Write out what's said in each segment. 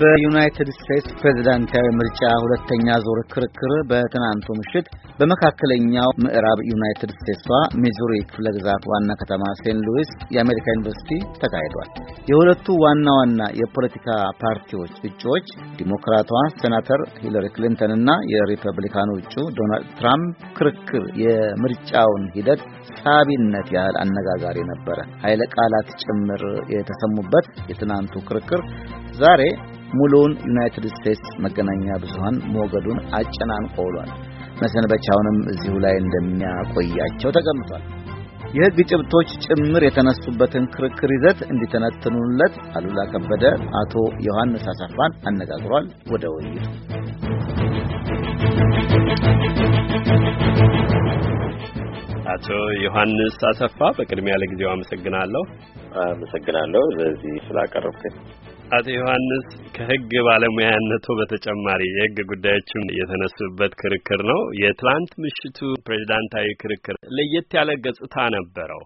በዩናይትድ ስቴትስ ፕሬዝዳንታዊ ምርጫ ሁለተኛ ዙር ክርክር በትናንቱ ምሽት በመካከለኛው ምዕራብ ዩናይትድ ስቴትሷ ሚዙሪ ክፍለ ግዛት ዋና ከተማ ሴንት ሉዊስ የአሜሪካ ዩኒቨርሲቲ ተካሂዷል። የሁለቱ ዋና ዋና የፖለቲካ ፓርቲዎች እጩዎች ዲሞክራቷ ሴናተር ሂለሪ ክሊንተን እና የሪፐብሊካኑ እጩ ዶናልድ ትራምፕ ክርክር የምርጫውን ሂደት ሳቢነት ያህል አነጋጋሪ ነበረ። ኃይለ ቃላት ጭምር የተሰሙበት የትናንቱ ክርክር ዛሬ ሙሉውን ዩናይትድ ስቴትስ መገናኛ ብዙሃን ሞገዱን አጨናንቆ ውሏል። መሰንበቻውንም እዚሁ ላይ እንደሚያቆያቸው ተቀምጧል። የሕግ ጭብቶች ጭምር የተነሱበትን ክርክር ይዘት እንዲተነትኑለት አሉላ ከበደ አቶ ዮሐንስ አሰፋን አነጋግሯል። ወደ ውይይቱ አቶ ዮሐንስ አሰፋ፣ በቅድሚያ ለጊዜው አመሰግናለሁ። አመሰግናለሁ ለዚህ ስላቀረብከኝ። አቶ ዮሐንስ ከህግ ባለሙያነቱ በተጨማሪ የህግ ጉዳዮችም የተነሱበት ክርክር ነው። የትላንት ምሽቱ ፕሬዚዳንታዊ ክርክር ለየት ያለ ገጽታ ነበረው።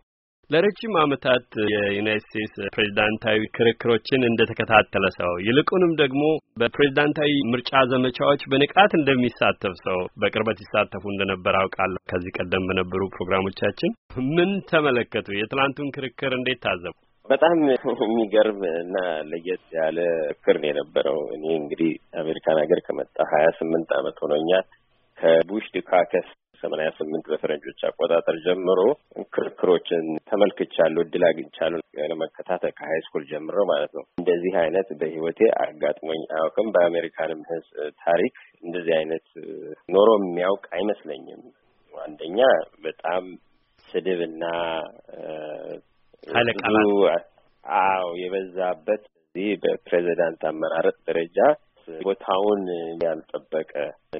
ለረጅም ዓመታት የዩናይት ስቴትስ ፕሬዚዳንታዊ ክርክሮችን እንደተከታተለ ሰው ይልቁንም ደግሞ በፕሬዚዳንታዊ ምርጫ ዘመቻዎች በንቃት እንደሚሳተፍ ሰው በቅርበት ይሳተፉ እንደነበር አውቃለሁ። ከዚህ ቀደም በነበሩ ፕሮግራሞቻችን ምን ተመለከቱ? የትላንቱን ክርክር እንዴት ታዘቡ? በጣም የሚገርም እና ለየት ያለ ፍክር ነው የነበረው። እኔ እንግዲህ አሜሪካን ሀገር ከመጣ ሀያ ስምንት አመት ሆኖኛ ከቡሽ ዱካከስ ሰማንያ ስምንት በፈረንጆች አቆጣጠር ጀምሮ ክርክሮችን ተመልክቻለሁ፣ እድል አግኝቻለሁ ለመከታተል ከሀይ ስኩል ጀምሮ ማለት ነው። እንደዚህ አይነት በህይወቴ አጋጥሞኝ አያውቅም። በአሜሪካንም ህዝብ ታሪክ እንደዚህ አይነት ኖሮ የሚያውቅ አይመስለኝም። አንደኛ በጣም ስድብ እና ኃይለ ቃላት አዎ የበዛበት እዚህ በፕሬዚዳንት አመራረጥ ደረጃ ቦታውን ያልጠበቀ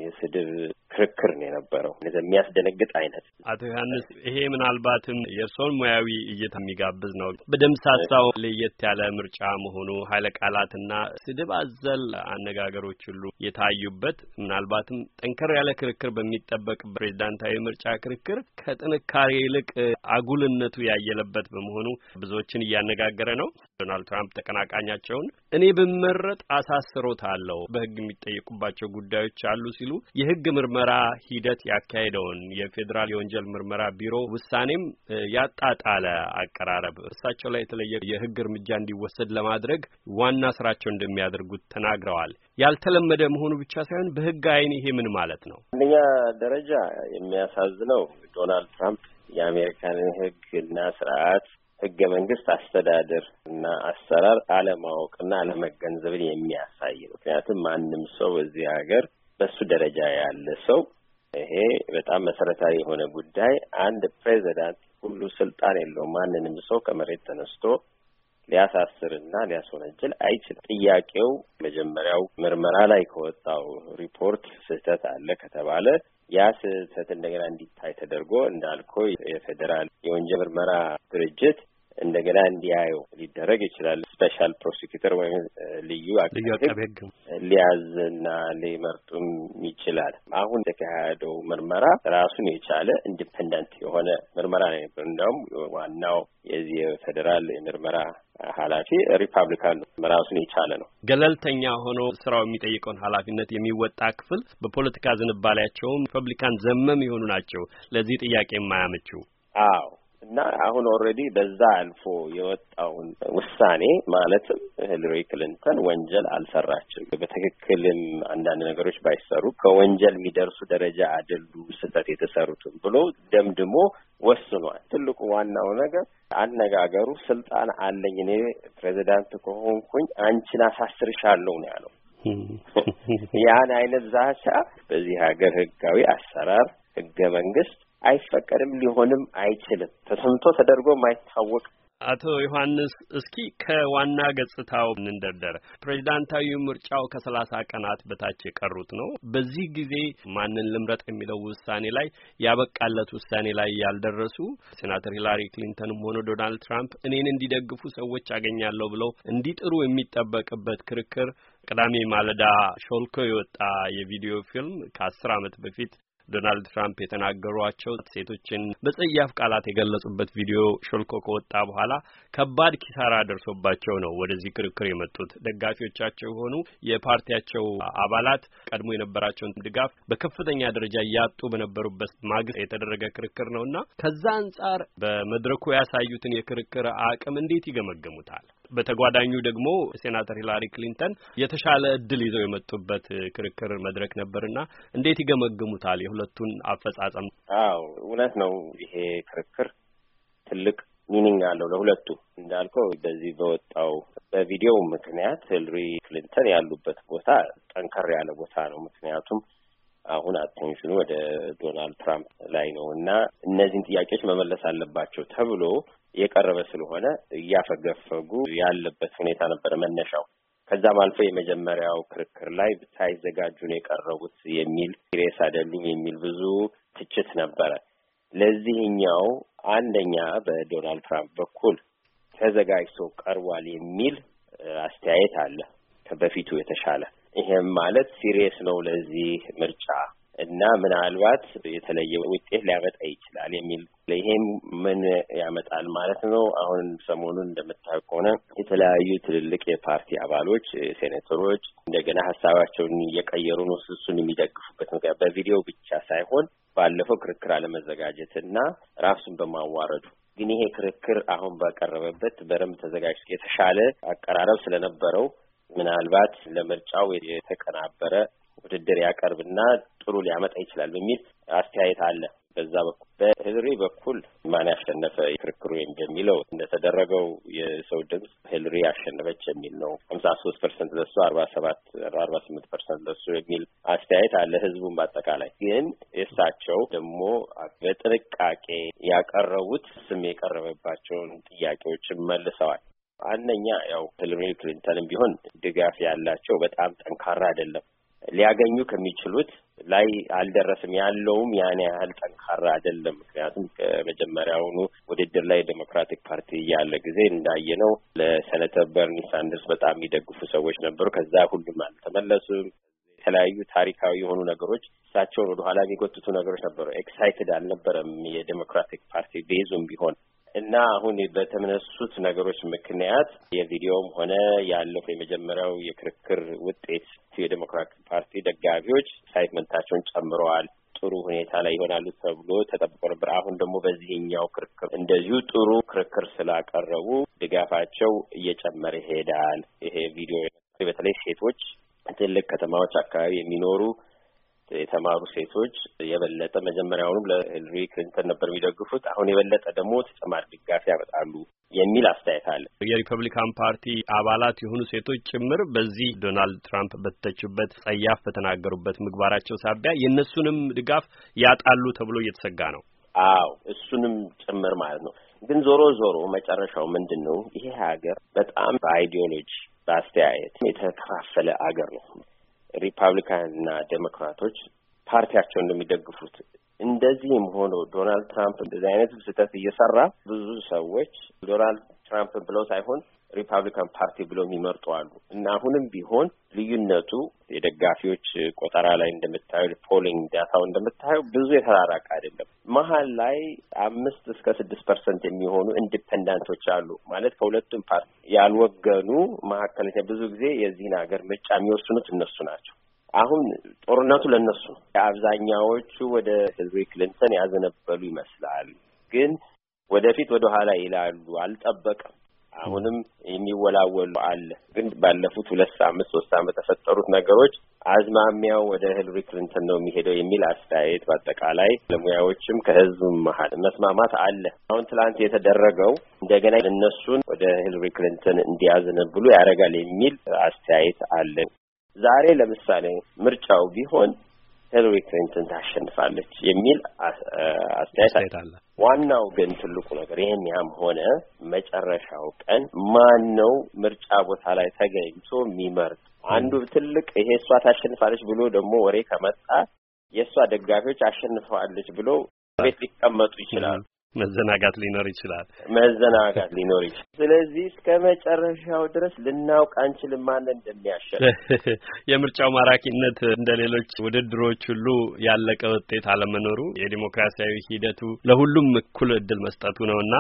የስድብ ክርክር ነው የነበረው። የሚያስደነግጥ አይነት። አቶ ዮሐንስ ይሄ ምናልባትም የእርስዎን ሙያዊ እይታ የሚጋብዝ ነው። በደምሳሳው ለየት ያለ ምርጫ መሆኑ ኃይለ ቃላትና ስድብ አዘል አነጋገሮች ሁሉ የታዩበት ምናልባትም ጠንከር ያለ ክርክር በሚጠበቅ ፕሬዚዳንታዊ ምርጫ ክርክር ከጥንካሬ ይልቅ አጉልነቱ ያየለበት በመሆኑ ብዙዎችን እያነጋገረ ነው። ዶናልድ ትራምፕ ተቀናቃኛቸውን እኔ ብመረጥ አሳስሮታለሁ፣ በህግ የሚጠየቁባቸው ጉዳዮች አሉ ሲሉ የህግ ምርመራ ሂደት ያካሄደውን የፌዴራል የወንጀል ምርመራ ቢሮ ውሳኔም ያጣጣለ አቀራረብ እርሳቸው ላይ የተለየ የህግ እርምጃ እንዲወሰድ ለማድረግ ዋና ስራቸው እንደሚያደርጉት ተናግረዋል። ያልተለመደ መሆኑ ብቻ ሳይሆን በህግ አይን ይሄ ምን ማለት ነው? አንደኛ ደረጃ የሚያሳዝነው ዶናልድ ትራምፕ የአሜሪካንን ህግ እና ስርዓት ህገ መንግስት አስተዳደር እና አሰራር አለማወቅና አለመገንዘብን የሚያሳይ ነው። ምክንያቱም ማንም ሰው በዚህ ሀገር በሱ ደረጃ ያለ ሰው ይሄ በጣም መሰረታዊ የሆነ ጉዳይ። አንድ ፕሬዚዳንት ሁሉ ስልጣን የለውም። ማንንም ሰው ከመሬት ተነስቶ ሊያሳስርና ሊያስወነጅል አይችል። ጥያቄው መጀመሪያው ምርመራ ላይ ከወጣው ሪፖርት ስህተት አለ ከተባለ ያ ስህተት እንደገና እንዲታይ ተደርጎ እንዳልኮ የፌዴራል የወንጀል ምርመራ ድርጅት እንደገና እንዲያዩ ሊደረግ ይችላል። ስፔሻል ፕሮሲኪተር ወይም ልዩ አቃቤ ሊያዝና ሊመርጡም ይችላል። አሁን የተካሄደው ምርመራ ራሱን የቻለ ኢንዲፐንደንት የሆነ ምርመራ ነው የነበረው። እንዲያውም ዋናው የዚህ የፌዴራል የምርመራ ኃላፊ ሪፐብሊካን ራሱን የቻለ ነው። ገለልተኛ ሆኖ ስራው የሚጠይቀውን ኃላፊነት የሚወጣ ክፍል በፖለቲካ ዝንባሌያቸውም ሪፐብሊካን ዘመም የሆኑ ናቸው። ለዚህ ጥያቄ የማያመችው አዎ እና አሁን ኦልሬዲ በዛ አልፎ የወጣውን ውሳኔ ማለትም ሂለሪ ክሊንተን ወንጀል አልሰራችም፣ በትክክልም አንዳንድ ነገሮች ባይሰሩ ከወንጀል የሚደርሱ ደረጃ አይደሉ ስህተት የተሰሩትም ብሎ ደምድሞ ወስኗል። ትልቁ ዋናው ነገር አነጋገሩ ስልጣን አለኝ እኔ ፕሬዚዳንት ከሆንኩኝ አንቺን አሳስርሻለሁ ነው ያለው። ያን አይነት ዛቻ በዚህ ሀገር ህጋዊ አሰራር ህገ መንግስት አይፈቀድም፣ ሊሆንም አይችልም። ተሰምቶ ተደርጎ ማይታወቅ አቶ ዮሐንስ እስኪ ከዋና ገጽታው እንደርደር። ፕሬዚዳንታዊ ምርጫው ከሰላሳ ቀናት በታች የቀሩት ነው። በዚህ ጊዜ ማንን ልምረጥ የሚለው ውሳኔ ላይ ያበቃለት ውሳኔ ላይ ያልደረሱ ሴናተር ሂላሪ ክሊንተንም ሆነ ዶናልድ ትራምፕ እኔን እንዲደግፉ ሰዎች አገኛለሁ ብለው እንዲጥሩ የሚጠበቅበት ክርክር ቅዳሜ ማለዳ ሾልኮ የወጣ የቪዲዮ ፊልም ከአስር ዓመት በፊት ዶናልድ ትራምፕ የተናገሯቸው ሴቶችን በጸያፍ ቃላት የገለጹበት ቪዲዮ ሾልኮ ከወጣ በኋላ ከባድ ኪሳራ ደርሶባቸው ነው ወደዚህ ክርክር የመጡት። ደጋፊዎቻቸው የሆኑ የፓርቲያቸው አባላት ቀድሞ የነበራቸውን ድጋፍ በከፍተኛ ደረጃ እያጡ በነበሩበት ማግስት የተደረገ ክርክር ነውና ከዛ አንጻር በመድረኩ ያሳዩትን የክርክር አቅም እንዴት ይገመገሙታል? በተጓዳኙ ደግሞ ሴናተር ሂላሪ ክሊንተን የተሻለ እድል ይዘው የመጡበት ክርክር መድረክ ነበርና እንዴት ይገመግሙታል የሁለቱን አፈጻጸም? አዎ እውነት ነው። ይሄ ክርክር ትልቅ ሚኒንግ አለው ለሁለቱ እንዳልከው በዚህ በወጣው በቪዲዮው ምክንያት ሂላሪ ክሊንተን ያሉበት ቦታ ጠንከር ያለ ቦታ ነው። ምክንያቱም አሁን አቴንሽኑ ወደ ዶናልድ ትራምፕ ላይ ነው እና እነዚህን ጥያቄዎች መመለስ አለባቸው ተብሎ የቀረበ ስለሆነ እያፈገፈጉ ያለበት ሁኔታ ነበረ መነሻው። ከዛም አልፎ የመጀመሪያው ክርክር ላይ ሳይዘጋጁ ነው የቀረቡት የሚል ሬስ አይደሉም የሚል ብዙ ትችት ነበረ። ለዚህኛው አንደኛ በዶናልድ ትራምፕ በኩል ተዘጋጅቶ ቀርቧል የሚል አስተያየት አለ፣ ከበፊቱ የተሻለ ይህም ማለት ሲሪየስ ነው ለዚህ ምርጫ እና ምናልባት የተለየ ውጤት ሊያመጣ ይችላል የሚል ይሄም ምን ያመጣል ማለት ነው። አሁን ሰሞኑን እንደምታውቅ ከሆነ የተለያዩ ትልልቅ የፓርቲ አባሎች፣ ሴኔተሮች እንደገና ሀሳባቸውን እየቀየሩ ነው። እሱን የሚደግፉበት ምክንያት በቪዲዮ ብቻ ሳይሆን ባለፈው ክርክር አለመዘጋጀት እና ራሱን በማዋረዱ ግን ይሄ ክርክር አሁን በቀረበበት በደንብ ተዘጋጅ የተሻለ አቀራረብ ስለነበረው ምናልባት ለምርጫው የተቀናበረ ውድድር ያቀርብና ጥሩ ሊያመጣ ይችላል በሚል አስተያየት አለ። በዛ በኩል በሂለሪ በኩል ማን ያሸነፈ ክርክሩ እንደሚለው እንደተደረገው የሰው ድምፅ ሂለሪ ያሸነፈች የሚል ነው። ሀምሳ ሶስት ፐርሰንት ለሱ አርባ ሰባት አርባ ስምንት ፐርሰንት ለሱ የሚል አስተያየት አለ። ህዝቡም በአጠቃላይ ግን የእሳቸው ደግሞ በጥንቃቄ ያቀረቡት ስም የቀረበባቸውን ጥያቄዎችን መልሰዋል። አንደኛ ያው ሂለሪ ክሊንተንም ቢሆን ድጋፍ ያላቸው በጣም ጠንካራ አይደለም ሊያገኙ ከሚችሉት ላይ አልደረስም። ያለውም ያን ያህል ጠንካራ አይደለም። ምክንያቱም ከመጀመሪያውኑ ውድድር ላይ ዴሞክራቲክ ፓርቲ እያለ ጊዜ ነው ለሴኔተር በርኒ ሳንደርስ በጣም የሚደግፉ ሰዎች ነበሩ። ከዛ ሁሉም አልተመለሱም። የተለያዩ ታሪካዊ የሆኑ ነገሮች እሳቸውን ወደኋላ የሚጎትቱ ነገሮች ነበሩ። ኤክሳይትድ አልነበረም የዴሞክራቲክ ፓርቲ ቤዙም ቢሆን እና አሁን በተነሱት ነገሮች ምክንያት የቪዲዮም ሆነ ያለፈው የመጀመሪያው የክርክር ውጤት የዴሞክራት ፓርቲ ደጋፊዎች ሳይትመንታቸውን ጨምረዋል። ጥሩ ሁኔታ ላይ ይሆናሉ ተብሎ ተጠብቆ ነበር። አሁን ደግሞ በዚህኛው ክርክር እንደዚሁ ጥሩ ክርክር ስላቀረቡ ድጋፋቸው እየጨመረ ይሄዳል። ይሄ ቪዲዮ በተለይ ሴቶች ትልቅ ከተማዎች አካባቢ የሚኖሩ የተማሩ ሴቶች የበለጠ መጀመሪያውኑም ለሂልሪ ክሊንተን ነበር የሚደግፉት። አሁን የበለጠ ደግሞ ተጨማሪ ድጋፍ ያመጣሉ የሚል አስተያየት አለ። የሪፐብሊካን ፓርቲ አባላት የሆኑ ሴቶች ጭምር በዚህ ዶናልድ ትራምፕ በተተቹበት ጸያፍ በተናገሩበት ምግባራቸው ሳቢያ የእነሱንም ድጋፍ ያጣሉ ተብሎ እየተሰጋ ነው። አዎ እሱንም ጭምር ማለት ነው። ግን ዞሮ ዞሮ መጨረሻው ምንድን ነው? ይሄ ሀገር በጣም በአይዲዮሎጂ በአስተያየት የተከፋፈለ አገር ነው። ሪፐብሊካን እና ዴሞክራቶች ፓርቲያቸው እንደሚደግፉት እንደዚህም ሆኖ ዶናልድ ትራምፕ እንደዚህ አይነት ስህተት እየሰራ ብዙ ሰዎች ዶናልድ ትራምፕ ብለው ሳይሆን ሪፐብሊካን ፓርቲ ብለው የሚመርጡ አሉ እና አሁንም ቢሆን ልዩነቱ የደጋፊዎች ቆጠራ ላይ እንደምታየው ፖሊንግ ዳታው እንደምታየው ብዙ የተራራቀ አይደለም። መሀል ላይ አምስት እስከ ስድስት ፐርሰንት የሚሆኑ ኢንዲፐንዳንቶች አሉ ማለት ከሁለቱም ፓርቲ ያልወገኑ መካከለኛ። ብዙ ጊዜ የዚህን ሀገር ምርጫ የሚወስኑት እነሱ ናቸው። አሁን ጦርነቱ ለእነሱ አብዛኛዎቹ ወደ ሂላሪ ክሊንተን ያዘነበሉ ይመስላል፣ ግን ወደፊት ወደ ኋላ ይላሉ። አልጠበቅም አሁንም የሚወላወሉ አለ። ግን ባለፉት ሁለት አመት ሶስት አመት ተፈጠሩት ነገሮች አዝማሚያው ወደ ሂለሪ ክሊንተን ነው የሚሄደው የሚል አስተያየት በአጠቃላይ ለሙያዎችም ከህዝቡም መሀል መስማማት አለ። አሁን ትላንት የተደረገው እንደገና እነሱን ወደ ሂለሪ ክሊንተን እንዲያዘነብሉ ያደርጋል የሚል አስተያየት አለ። ዛሬ ለምሳሌ ምርጫው ቢሆን ሂለሪ ክሊንተን ታሸንፋለች የሚል አስተያየት አለ። ዋናው ግን ትልቁ ነገር ይህን ያም ሆነ መጨረሻው ቀን ማን ነው ምርጫ ቦታ ላይ ተገኝቶ የሚመርጥ አንዱ ትልቅ ይሄ እሷ ታሸንፋለች ብሎ ደግሞ ወሬ ከመጣ የእሷ ደጋፊዎች አሸንፈዋለች ብሎ ቤት ሊቀመጡ ይችላሉ። መዘናጋት ሊኖር ይችላል። መዘናጋት ሊኖር ይችላል። ስለዚህ እስከ መጨረሻው ድረስ ልናውቅ አንችልም ማን እንደሚያሸንፍ። የምርጫው ማራኪነት እንደ ሌሎች ውድድሮች ሁሉ ያለቀ ውጤት አለመኖሩ የዲሞክራሲያዊ ሂደቱ ለሁሉም እኩል እድል መስጠቱ ነውና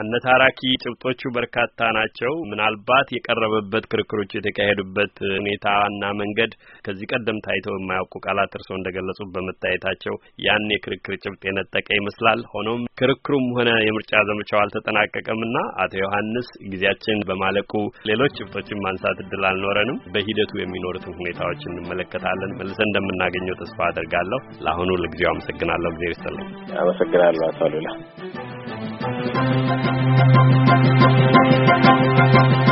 አነታራኪ ጭብጦቹ በርካታ ናቸው። ምናልባት የቀረበበት ክርክሮች የተካሄዱበት ሁኔታና መንገድ ከዚህ ቀደም ታይተው የማያውቁ ቃላት እርሶ እንደገለጹ በመታየታቸው ያን የክርክር ጭብጥ የነጠቀ ይመስላል። ሆኖም ክርክሩም ሆነ የምርጫ ዘመቻው አልተጠናቀቀምና አቶ ዮሐንስ ጊዜያችን በማለቁ ሌሎች ጭብጦችን ማንሳት እድል አልኖረንም። በሂደቱ የሚኖሩትን ሁኔታዎች እንመለከታለን። መልሰን እንደምናገኘው ተስፋ አድርጋለሁ። ለአሁኑ ለጊዜው አመሰግናለሁ። ጊዜ ይስጥልኝ። አመሰግናለሁ አቶ አሉላ። Thank you.